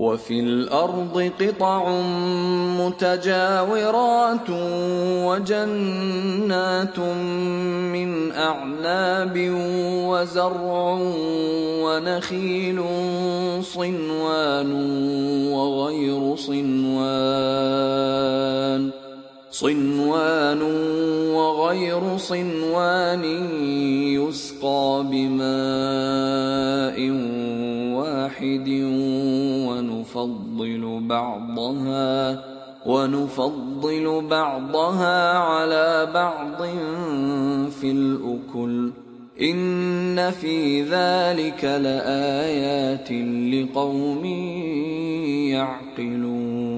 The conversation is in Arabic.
وفي الأرض قطع متجاورات وجنات من أعناب وزرع ونخيل صنوان وغير صنوان صنوان وغير صنوان يسقى بمان واحد ونفضل بعضها ونفضل بعضها على بعض في الأكل إن في ذلك لآيات لقوم يعقلون